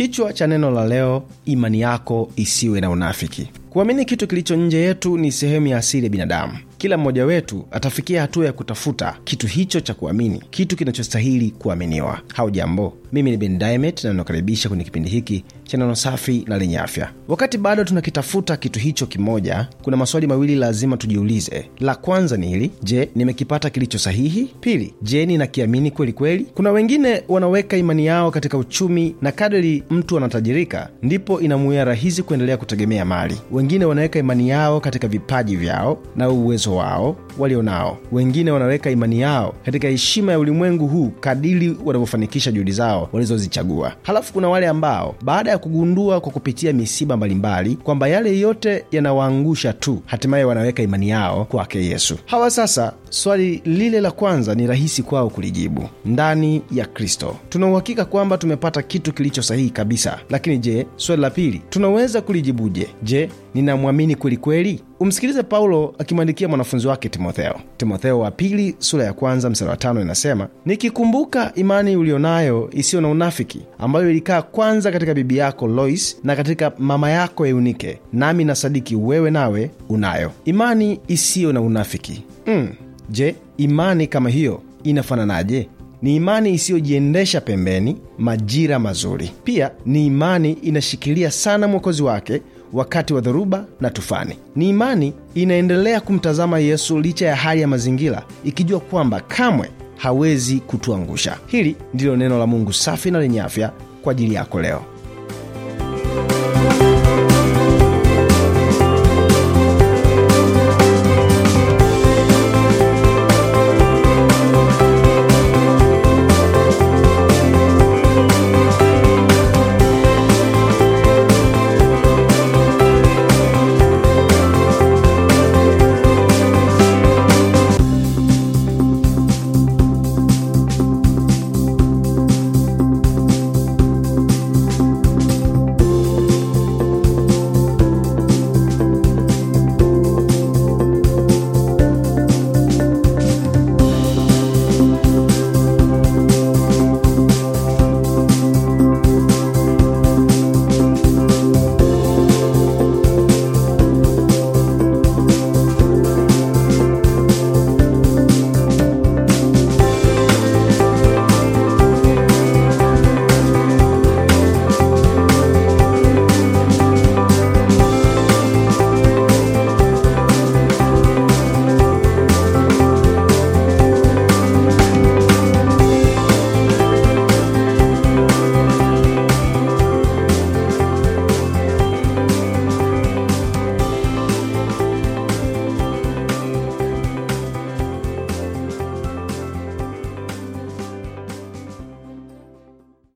Kichwa cha neno la leo: imani yako isiwe na unafiki. Kuamini kitu kilicho nje yetu ni sehemu ya asili ya binadamu kila mmoja wetu atafikia hatua ya kutafuta kitu hicho cha kuamini, kitu kinachostahili kuaminiwa. jambo mimi ni Ben Diamond na nakaribisha kwenye kipindi hiki cha neno safi na lenye afya. Wakati bado tunakitafuta kitu hicho kimoja, kuna maswali mawili lazima tujiulize. La kwanza ni hili: je, nimekipata kilicho sahihi? Pili, je, ninakiamini kweli kweli? Kuna wengine wanaweka imani yao katika uchumi, na kadri mtu anatajirika ndipo inamuia rahisi kuendelea kutegemea mali. Wengine wanaweka imani yao katika vipaji vyao na uwezo uwezo wao nao Wengine wanaweka imani yao katika heshima ya ulimwengu huu kadiri wanavyofanikisha juhudi zao walizozichagua. Halafu kuna wale ambao baada ya kugundua kwa kupitia misiba mbalimbali kwamba yale yote yanawaangusha tu, hatimaye wanaweka imani yao kwake Yesu. Hawa sasa Swali lile la kwanza ni rahisi kwao kulijibu. Ndani ya Kristo tuna uhakika kwamba tumepata kitu kilicho sahihi kabisa, lakini je, swali la pili tunaweza kulijibuje? Je, ninamwamini kwelikweli? Umsikilize Paulo akimwandikia mwanafunzi wake Timotheo. Timotheo wa pili sura ya kwanza mstari wa tano inasema, nikikumbuka imani ulionayo isiyo na unafiki, ambayo ilikaa kwanza katika bibi yako Lois na katika mama yako Eunike, nami nasadiki wewe nawe unayo imani isiyo na unafiki. mm. Je, imani kama hiyo inafananaje? Ni imani isiyojiendesha pembeni, majira mazuri. Pia ni imani inashikilia sana mwokozi wake wakati wa dhoruba na tufani. Ni imani inaendelea kumtazama Yesu licha ya hali ya mazingira, ikijua kwamba kamwe hawezi kutuangusha. Hili ndilo neno la Mungu safi na lenye afya kwa ajili yako leo.